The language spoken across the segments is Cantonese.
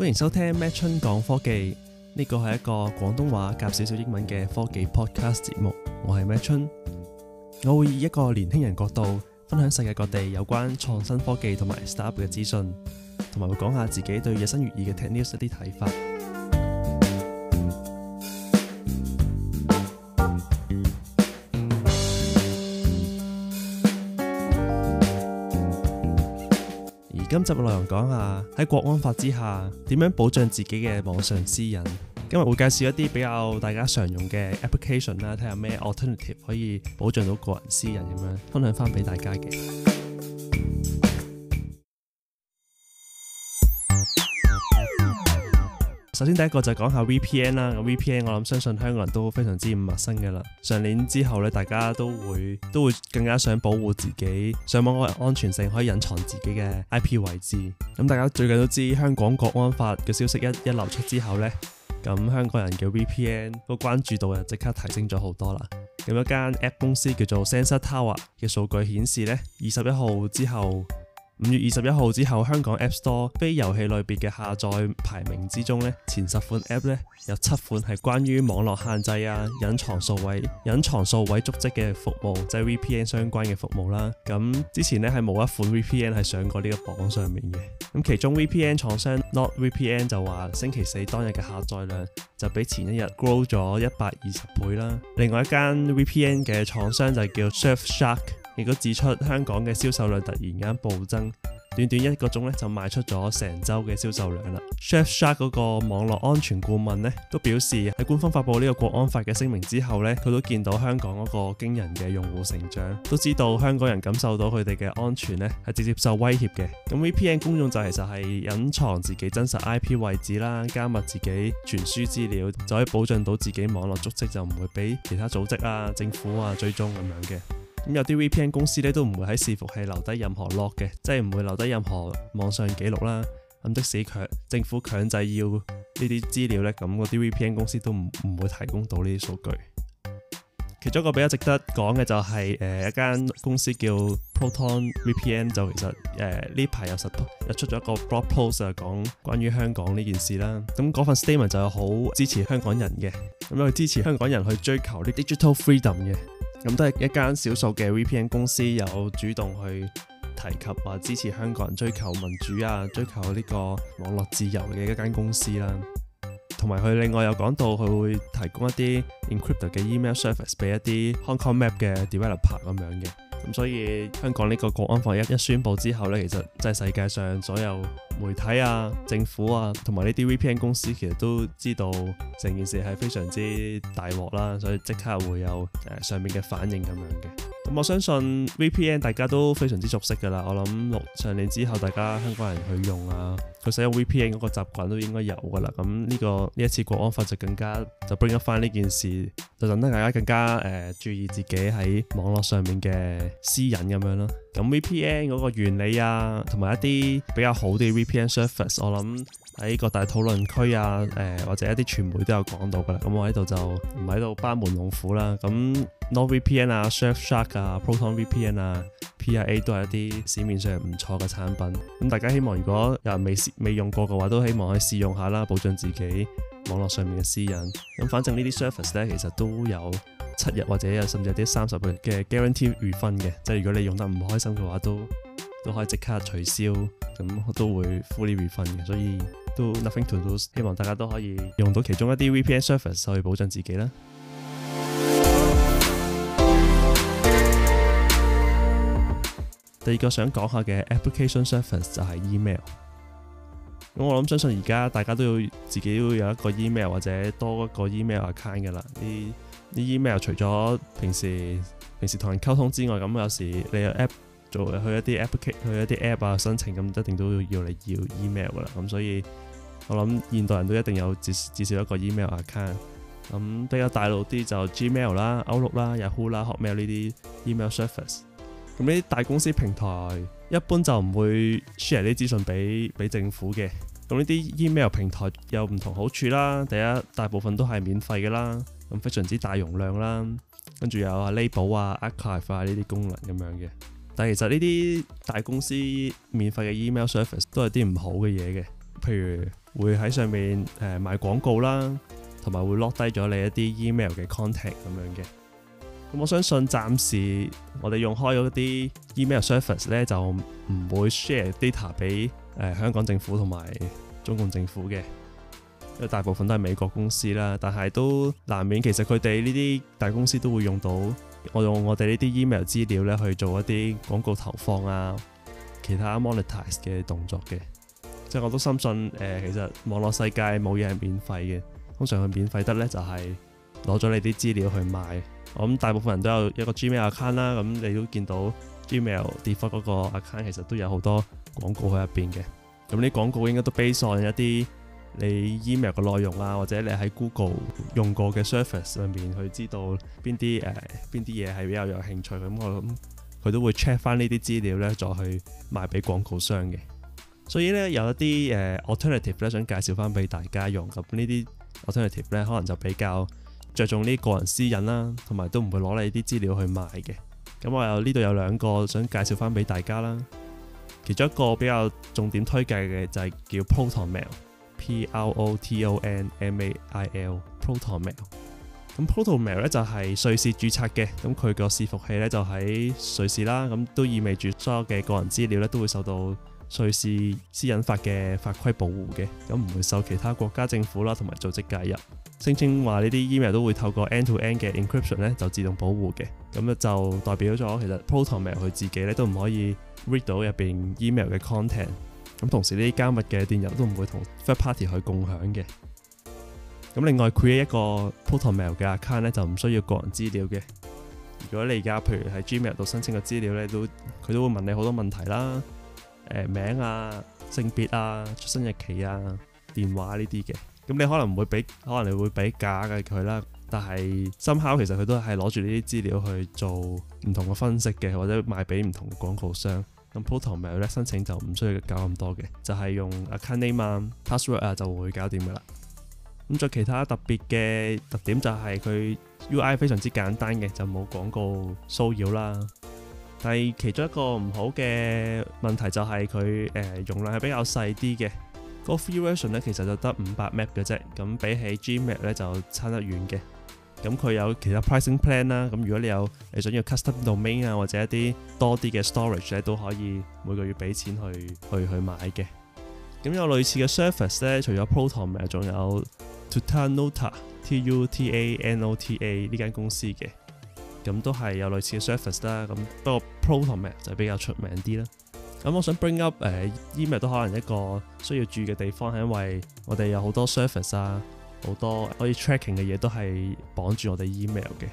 歡迎收聽 Matt 春講科技，呢個係一個廣東話夾少少英文嘅科技 podcast 節目。我係 Matt 春，我會以一個年輕人角度分享世界各地有關創新科技同埋 startup 嘅資訊，同埋會講下自己對日新月異嘅 tech news 一啲睇法。今集嘅內容講下喺國安法之下，點樣保障自己嘅網上私隱。今日會介紹一啲比較大家常用嘅 application 啦，睇下咩 alternative 可以保障到個人私隱咁樣，分享翻俾大家嘅。首先第一個就講下 VPN 啦，咁 VPN 我諗相信香港人都非常之唔陌生嘅啦。上年之後咧，大家都會都會更加想保護自己上網嗰安全性，可以隱藏自己嘅 IP 位置。咁大家最近都知香港國安法嘅消息一一流出之後呢，咁香港人嘅 VPN 個關注度又即刻提升咗好多啦。咁一間 App 公司叫做 Sensor Tower 嘅數據顯示呢，二十一號之後。五月二十一號之後，香港 App Store 非遊戲類別嘅下載排名之中呢，前十款 App 呢，有七款係關於網絡限制啊、隱藏數位、隱藏數位足跡嘅服務，即係 VPN 相關嘅服務啦。咁之前呢係冇一款 VPN 係上過呢個榜上面嘅。咁其中 VPN 廠商 Not VPN 就話，星期四當日嘅下載量就比前一日 grow 咗一百二十倍啦。另外一間 VPN 嘅廠商就叫 Surfshark。亦都指出，香港嘅銷售量突然間暴增，短短一個鐘咧就賣出咗成周嘅銷售量啦。Chef Shark 嗰個網絡安全顧問呢都表示，喺官方發布呢個國安法嘅聲明之後呢，佢都見到香港嗰個驚人嘅用戶成長，都知道香港人感受到佢哋嘅安全呢係直接受威脅嘅。咁 VPN 功用就其實係隱藏自己真實 IP 位置啦，加密自己傳輸資料，就可以保障到自己網絡足跡就唔會俾其他組織啊、政府啊追蹤咁樣嘅。咁有啲 VPN 公司咧都唔會喺伺服器留低任何 log 嘅，即係唔會留低任何網上記錄啦。咁即使強政府強制要呢啲資料咧，咁嗰啲 VPN 公司都唔唔會提供到呢啲數據。其中一個比較值得講嘅就係誒一間公司叫 Proton VPN，就其實誒呢排有實又出咗一個 blog post 啊，講關於香港呢件事啦。咁嗰份 statement 就好支持香港人嘅，咁樣去支持香港人去追求啲 digital freedom 嘅。咁都係一間少數嘅 VPN 公司有主動去提及話支持香港人追求民主啊，追求呢個網絡自由嘅一間公司啦、啊。同埋佢另外有講到佢會提供一啲 encrypted 嘅 email service 俾一啲 Hong Kong Map 嘅 developer 咁樣嘅。咁所以香港呢個國安法一一宣佈之後呢，其實即係世界上所有媒體啊、政府啊，同埋呢啲 VPN 公司其實都知道成件事係非常之大鑊啦，所以即刻會有誒上面嘅反應咁樣嘅。我相信 VPN 大家都非常之熟悉噶啦，我諗六上年之後大家香港人去用啊，佢使用 VPN 嗰個習慣都應該有噶啦。咁呢、呢個呢一次國安法就更加就 bring up 翻呢件事，就令得大家更加誒、呃、注意自己喺網絡上面嘅私隱咁樣咯。咁 VPN 嗰個原理啊，同埋一啲比較好啲 VPN service 我諗。喺各大討論區啊，誒、呃、或者一啲傳媒都有講到噶啦，咁我喺度就唔喺度班門弄斧啦。咁 NordVPN 啊、Surfshark 啊、ProtonVPN 啊、PIA 都係一啲市面上唔錯嘅產品。咁大家希望如果有人未試未用過嘅話，都希望可以試用下啦，保障自己網絡上面嘅私隱。咁反正呢啲 service 咧，其實都有七日或者甚至有啲三十日嘅 guarantee refund 嘅，即係如果你用得唔開心嘅話都。都可以即刻取消，咁都會 full refund 嘅，所以都 nothing to do。希望大家都可以用到其中一啲 VPN service 去保障自己啦。 第二個想講下嘅 application service 就係 email。咁我諗相信而家大家都要自己要有一個 email 或者多一個 email account 噶啦。啲 email 除咗平時平時同人溝通之外，咁有時你嘅 app 做去一啲 applicate，去一啲 app 啊，申請咁一定都要要嚟要 email 噶啦。咁所以我諗現代人都一定有至至少一個 email account。咁比較大路啲就 Gmail 啦、Outlook 啦、Yahoo 啦、Hotmail 呢啲 email service。咁呢啲大公司平台一般就唔會 share 啲資訊俾俾政府嘅。咁呢啲 email 平台有唔同好處啦。第一大部分都係免費嘅啦。咁非常之大容量啦，跟住有啊 label 啊、archive 啊呢啲功能咁樣嘅。但其實呢啲大公司免費嘅 email service 都係啲唔好嘅嘢嘅，譬如會喺上面誒賣、呃、廣告啦，同埋會落低咗你一啲 email 嘅 contact 咁樣嘅。我相信暫時我哋用開嗰啲 email service 咧，就唔會 share data 俾誒、呃、香港政府同埋中共政府嘅，因為大部分都係美國公司啦。但係都難免，其實佢哋呢啲大公司都會用到。我用我哋呢啲 email 資料咧去做一啲廣告投放啊，其他 monetize 嘅動作嘅，即係我都深信誒、呃，其實網絡世界冇嘢係免費嘅。通常佢免費得呢就係攞咗你啲資料去賣。咁大部分人都有一個 Gmail account 啦，咁你都見到 Gmail default 嗰個 account 其實都有好多廣告喺入邊嘅。咁啲廣告應該都 base on 一啲。你 email 嘅內容啊，或者你喺 Google 用過嘅 service 上面去知道邊啲誒、邊啲嘢係比較有興趣，咁、嗯、我諗佢都會 check 翻呢啲資料咧，再去賣俾廣告商嘅。所以咧有一啲誒、呃、alternative 咧，想介紹翻俾大家用。咁呢啲 alternative 咧，可能就比較着重呢個人私隱啦，同埋都唔會攞你啲資料去賣嘅。咁、嗯、我有呢度有兩個想介紹翻俾大家啦，其中一個比較重點推介嘅就係叫 Proton Mail。Proton Mail，Proton Mail，咁 Proton Mail 咧就係瑞士註冊嘅，咁佢個伺服器咧就喺瑞士啦，咁都意味住所有嘅個人資料咧都會受到瑞士私隱法嘅法規保護嘅，咁唔會受其他國家政府啦同埋組織介入。聲稱話呢啲 email 都會透過 end-to-end 嘅 encryption 咧就自動保護嘅，咁咧就代表咗其實 Proton Mail 佢自己咧都唔可以 read 到入邊 email 嘅 content。咁同時呢啲加密嘅電郵都唔會同 third party 去共享嘅。咁另外 create 一個 ProtonMail 嘅 account 咧，就唔需要個人資料嘅。如果你而家譬如喺 Gmail 度申請個資料咧，都佢都會問你好多問題啦，誒、呃、名啊、性別啊、出生日期啊、電話呢啲嘅。咁你可能唔會俾可能你會俾假嘅佢啦，但係深究其實佢都係攞住呢啲資料去做唔同嘅分析嘅，或者賣俾唔同廣告商。咁 Proton Mail 咧申請就唔需要搞咁多嘅，就係、是、用 account name、啊、password 啊，就會搞掂噶啦。咁再其他特別嘅特點就係佢 UI 非常之簡單嘅，就冇廣告騷擾啦。但係其中一個唔好嘅問題就係佢誒容量係比較細啲嘅，個 free version 咧其實就得五百 MB 嘅啫，咁比起 Gmail 咧就差得遠嘅。咁佢有其他 pricing plan 啦咁如果你有你想要 custom domain 啊或者一啲多啲嘅 storage 咧都可以每個月俾錢去去去買嘅咁有類似嘅 service 咧除咗 Proton 仲有 Tutanota Tutanota 呢間公司嘅咁都係有類似嘅 service 啦咁不過 Proton 就比較出名啲啦咁我想 bring up 誒、呃、email 都可能一個需要注意嘅地方係因為我哋有好多 service 啊好多可以 tracking 嘅嘢都係綁住我哋 email 嘅。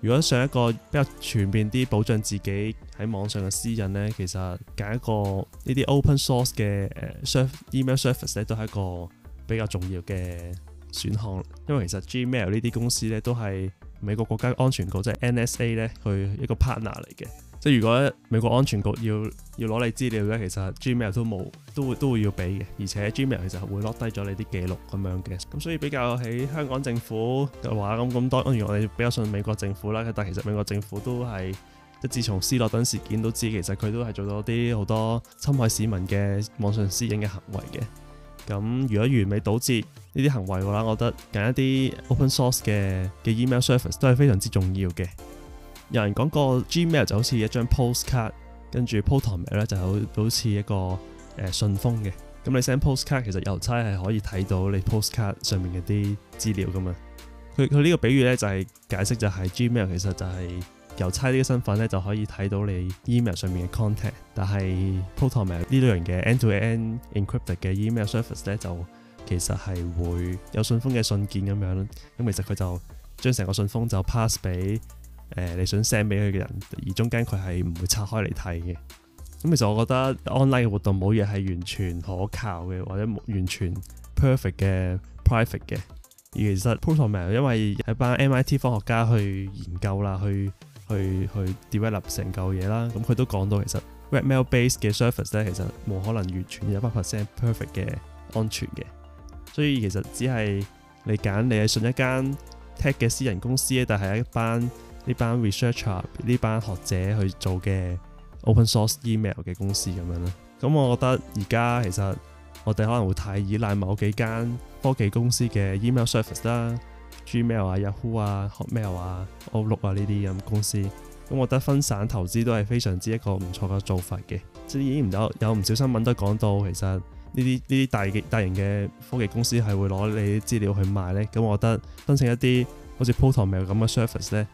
如果想一個比較全面啲保障自己喺網上嘅私隱咧，其實揀一個呢啲 open source 嘅誒 email service 咧，都係一個比較重要嘅選項。因為其實 Gmail 呢啲公司咧，都係美國國家安全局即係 NSA 咧，佢、就是、一個 partner 嚟嘅。即係如果美國安全局要要攞你資料咧，其實 Gmail 都冇，都會都會要俾嘅，而且 Gmail 其實會落低咗你啲記錄咁樣嘅。咁所以比較喺香港政府嘅話，咁咁當然我哋比較信美國政府啦。但其實美國政府都係即係自從斯諾登事件都知，其實佢都係做到啲好多侵害市民嘅網上私隱嘅行為嘅。咁如果完美堵截呢啲行為嘅話，我覺得揀一啲 open source 嘅嘅 email service 都係非常之重要嘅。有人講過，Gmail 就好似一張 postcard，跟住 ProtonMail 咧就好好似一個誒、呃、信封嘅。咁你 send postcard，其實郵差係可以睇到你 postcard 上面嘅啲資料㗎嘛。佢佢呢個比喻咧就係、是、解釋就係 Gmail 其實就係郵差呢個身份咧就可以睇到你 email 上面嘅 contact，但係 ProtonMail 呢類型嘅 end-to-end encrypted 嘅 email service 咧，就其實係會有信封嘅信件咁樣。咁、嗯、其實佢就將成個信封就 pass 俾。誒、呃、你想 send 俾佢嘅人，而中間佢係唔會拆開嚟睇嘅。咁、嗯、其實我覺得 online 嘅活動冇嘢係完全可靠嘅，或者冇完全 perfect 嘅 private 嘅。而其實 Proton Mail 因為有一班 MIT 科學家去研究啦，去去去 develop 成嚿嘢啦，咁、嗯、佢都講到其實 red mail base 嘅 service 咧，其實冇可能完全一百 percent perfect 嘅安全嘅。所以其實只係你揀你係信一間 tech 嘅私人公司咧，但係一班。呢班 researcher 呢班學者去做嘅 open source email 嘅公司咁樣啦。咁我覺得而家其實我哋可能唔太依賴某幾間科技公司嘅 email service 啦，Gmail 啊、Yahoo 啊、Hotmail 啊、Outlook 啊呢啲咁公司。咁我覺得分散投資都係非常之一個唔錯嘅做法嘅。即係已經唔有有唔少新聞都講到，其實呢啲呢啲大嘅大型嘅科技公司係會攞你啲資料去賣呢。咁我覺得申請一啲好似 ProtonMail 咁嘅 service 呢。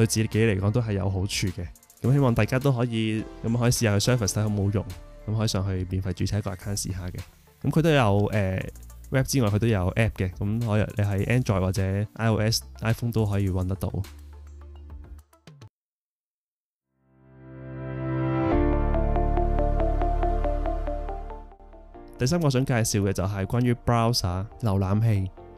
對自己嚟講都係有好處嘅，咁希望大家都可以咁可以試下個 service 睇下有冇用，咁可以上去免費註冊一個 account 試下嘅。咁佢都有誒、呃、web 之外，佢都有 app 嘅，咁、嗯、可以你喺 Android 或者 iOS iPhone 都可以揾得到。 第三個想介紹嘅就係關於 browser 瀏覽器。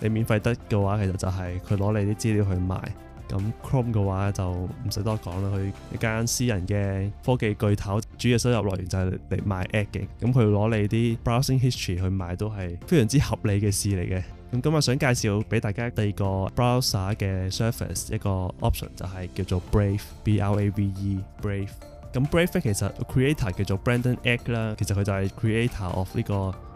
你免費得嘅話，其實就係佢攞你啲資料去賣。咁 Chrome 嘅話就唔使多講啦，佢一間私人嘅科技巨頭，主要收入來源就係嚟賣 App 嘅。咁佢攞你啲 browsing history 去賣都係非常之合理嘅事嚟嘅。咁今日想介紹俾大家第二個 browser 嘅 surface 一個 option，就係叫做 Brave，B-R-A-V-E，Brave。咁 Brave 其實 creator 叫做 Brandon Egg 啦，其實佢就係 creator of 呢個。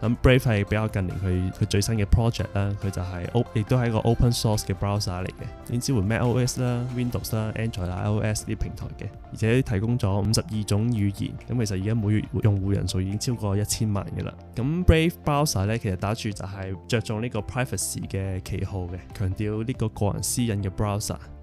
咁 Brave 係比較近年佢佢最新嘅 project 啦，佢就係、是、o、哦、亦都係一個 open source 嘅 browser 嚟嘅，支援住 macOS 啦、Windows 啦、Android、iOS 啲平台嘅，而且提供咗五十二種語言。咁其實而家每月用戶人數已經超過一千萬嘅啦。咁 Brave browser 咧，其實打住就係着重呢個 privacy 嘅旗號嘅，強調呢個個人私隱嘅 browser。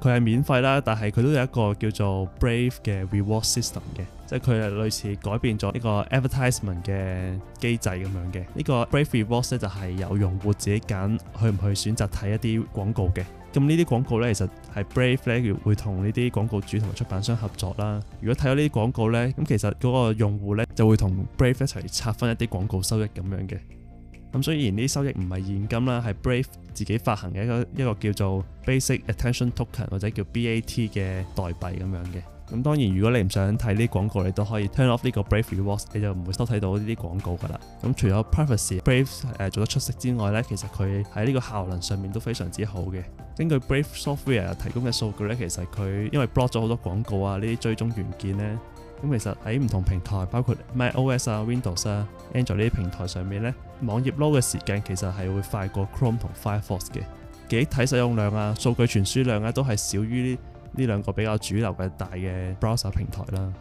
佢係免費啦，但係佢都有一個叫做 Brave 嘅 reward system 嘅，即係佢係類似改變咗呢個 advertisement 嘅機制咁樣嘅。呢、這個 Brave rewards 咧就係有用戶自己揀去唔去選擇睇一啲廣告嘅。咁呢啲廣告咧其實係 Brave 咧會同呢啲廣告主同埋出版商合作啦。如果睇到呢啲廣告咧，咁其實嗰個用戶咧就會同 Brave 一齊拆分一啲廣告收益咁樣嘅。咁雖然啲收益唔係現金啦，係 Brave 自己發行嘅一個一個叫做 Basic Attention Token 或者叫 BAT 嘅代幣咁樣嘅。咁當然如果你唔想睇呢啲廣告，你都可以 turn off 呢個 Brave Rewards，你就唔會收睇到呢啲廣告噶啦。咁除咗 Privacy，Brave 誒做得出色之外呢，其實佢喺呢個效能上面都非常之好嘅。根據 Brave Software 提供嘅數據呢，其實佢因為 block 咗好多廣告啊，呢啲追蹤元件呢。咁其實喺唔同平台，包括 MacOS 啊、Windows 啊、Android 呢啲平台上面咧，網頁 load 嘅時間其實係會快過 Chrome 同 Firefox 嘅，記憶體使用量啊、數據傳輸量啊，都係少於呢呢兩個比較主流嘅大嘅 browser 平台啦，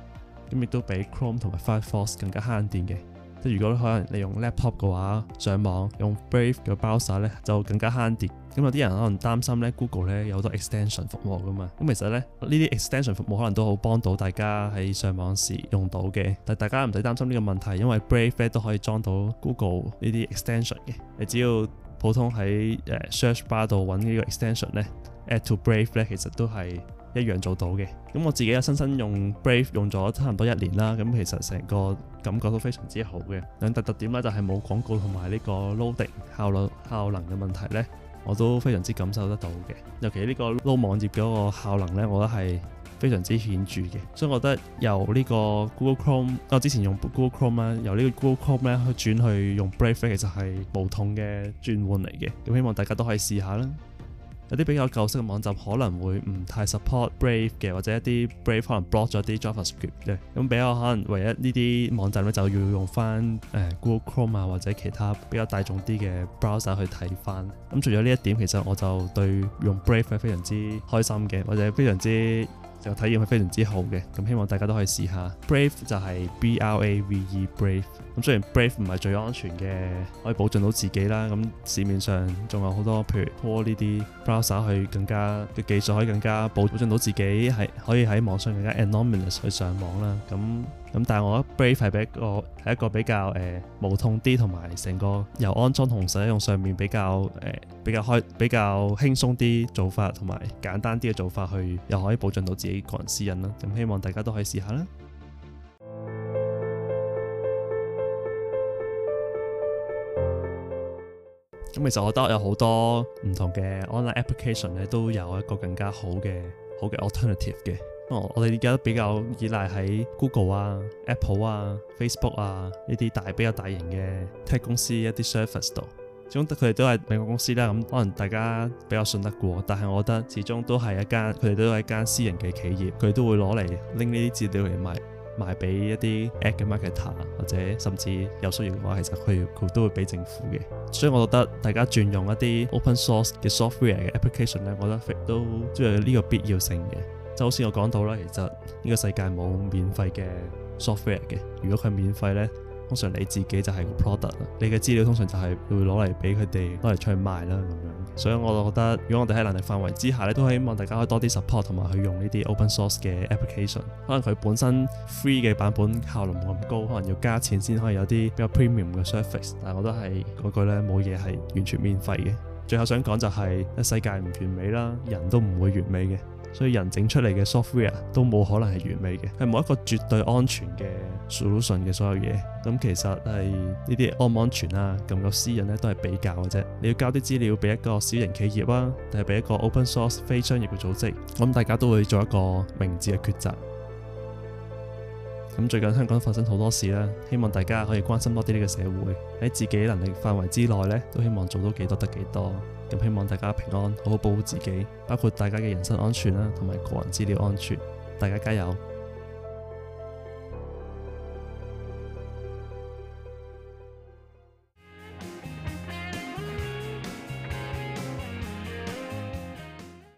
咁亦都比 Chrome 同埋 Firefox 更加慳電嘅。如果可能，你用 laptop 嘅話，上網用 Brave 嘅 browser 咧，就更加慳電。咁有啲人可能擔心咧，Google 咧有好多 extension 服務㗎嘛。咁其實咧，呢啲 extension 服務可能都好幫到大家喺上網時用到嘅。但大家唔使擔心呢個問題，因為 Brave 咧都可以裝到 Google 呢啲 extension 嘅。你只要普通喺誒 search bar 度揾呢個 extension 咧，add to Brave 咧，其實都係，一樣做到嘅，咁我自己啊親身用 Brave 用咗差唔多一年啦，咁其實成個感覺都非常之好嘅。兩特特點咧就係冇廣告同埋呢個 loading 效率效能嘅問題呢，我都非常之感受得到嘅。尤其呢個 load 網頁嗰個效能呢，我覺得係非常之顯著嘅。所以我覺得由呢個 Google Chrome，我、啊、之前用 Google Chrome 啦，由呢個 Google Chrome 咧轉去用 Brave 其實係無痛嘅轉換嚟嘅，咁希望大家都可以試下啦。有啲比較舊式嘅網站可能會唔太 support Brave 嘅，或者一啲 Brave 可能 block 咗啲 JavaScript 嘅，咁比較可能唯一呢啲網站咧就要用翻誒、呃、Google Chrome 啊，或者其他比較大眾啲嘅 browser 去睇翻。咁除咗呢一點，其實我就對用 Brave 係非常之開心嘅，或者非常之。個體驗係非常之好嘅，咁希望大家都可以試下。Brave 就係 B R A V E Brave，咁雖然 Brave 唔係最安全嘅，可以保障到自己啦。咁市面上仲有好多，譬如拖呢啲 browser 去更加嘅技術，可以更加保保障到自己係可以喺網上更加 anonymous 去上網啦。咁咁但係我覺得 Brave 係一個係一個比較誒、呃、無痛啲，同埋成個由安裝同使用上面比較誒、呃、比較開比較輕鬆啲做法，同埋簡單啲嘅做法去，又可以保障到自己個人私隱啦。咁、嗯、希望大家都可以試下啦。咁 其實我覺得我有好多唔同嘅 online application 咧，都有一個更加好嘅好嘅 alternative 嘅。哦、我哋而家都比較依賴喺 Google 啊、Apple 啊、Facebook 啊呢啲大比較大型嘅 tech 公司一啲 service 度，始終佢哋都係美國公司啦。咁、嗯、可能大家比較信得過，但係我覺得始終都係一間佢哋都係一間私人嘅企業，佢都會攞嚟拎呢啲資料嚟賣賣俾一啲 app 嘅 marketer, 或者甚至有需要嘅話，其實佢佢都會俾政府嘅。所以我覺得大家轉用一啲 open source 嘅 software 嘅 application 咧，我覺得都都有呢個必要性嘅。就好似我講到啦，其實呢個世界冇免費嘅 software 嘅。如果佢免費呢，通常你自己就係個 product 啦。你嘅資料通常就係會攞嚟俾佢哋攞嚟出去賣啦咁樣。所以我就覺得，如果我哋喺能力範圍之下咧，都希望大家可以多啲 support 同埋去用呢啲 open source 嘅 application。可能佢本身 free 嘅版本效率冇咁高，可能要加錢先可以有啲比較 premium 嘅 surface。但係我都係嗰句呢，冇嘢係完全免費嘅。最後想講就係，世界唔完美啦，人都唔會完美嘅。所以人整出嚟嘅 software 都冇可能係完美嘅，係冇一個絕對安全嘅 solution 嘅所有嘢。咁其實，係呢啲安唔安全啊，咁個私隱咧都係比較嘅啫。你要交啲資料俾一個小型企業啊，定係俾一個 open source 非商業嘅組織？咁大家都會做一個明智嘅抉擇。咁最近香港發生好多事啦，希望大家可以關心多啲呢個社會，喺自己能力範圍之內咧，都希望做到幾多得幾多。咁希望大家平安，好好保護自己，包括大家嘅人身安全啦，同埋個人資料安全，大家加油！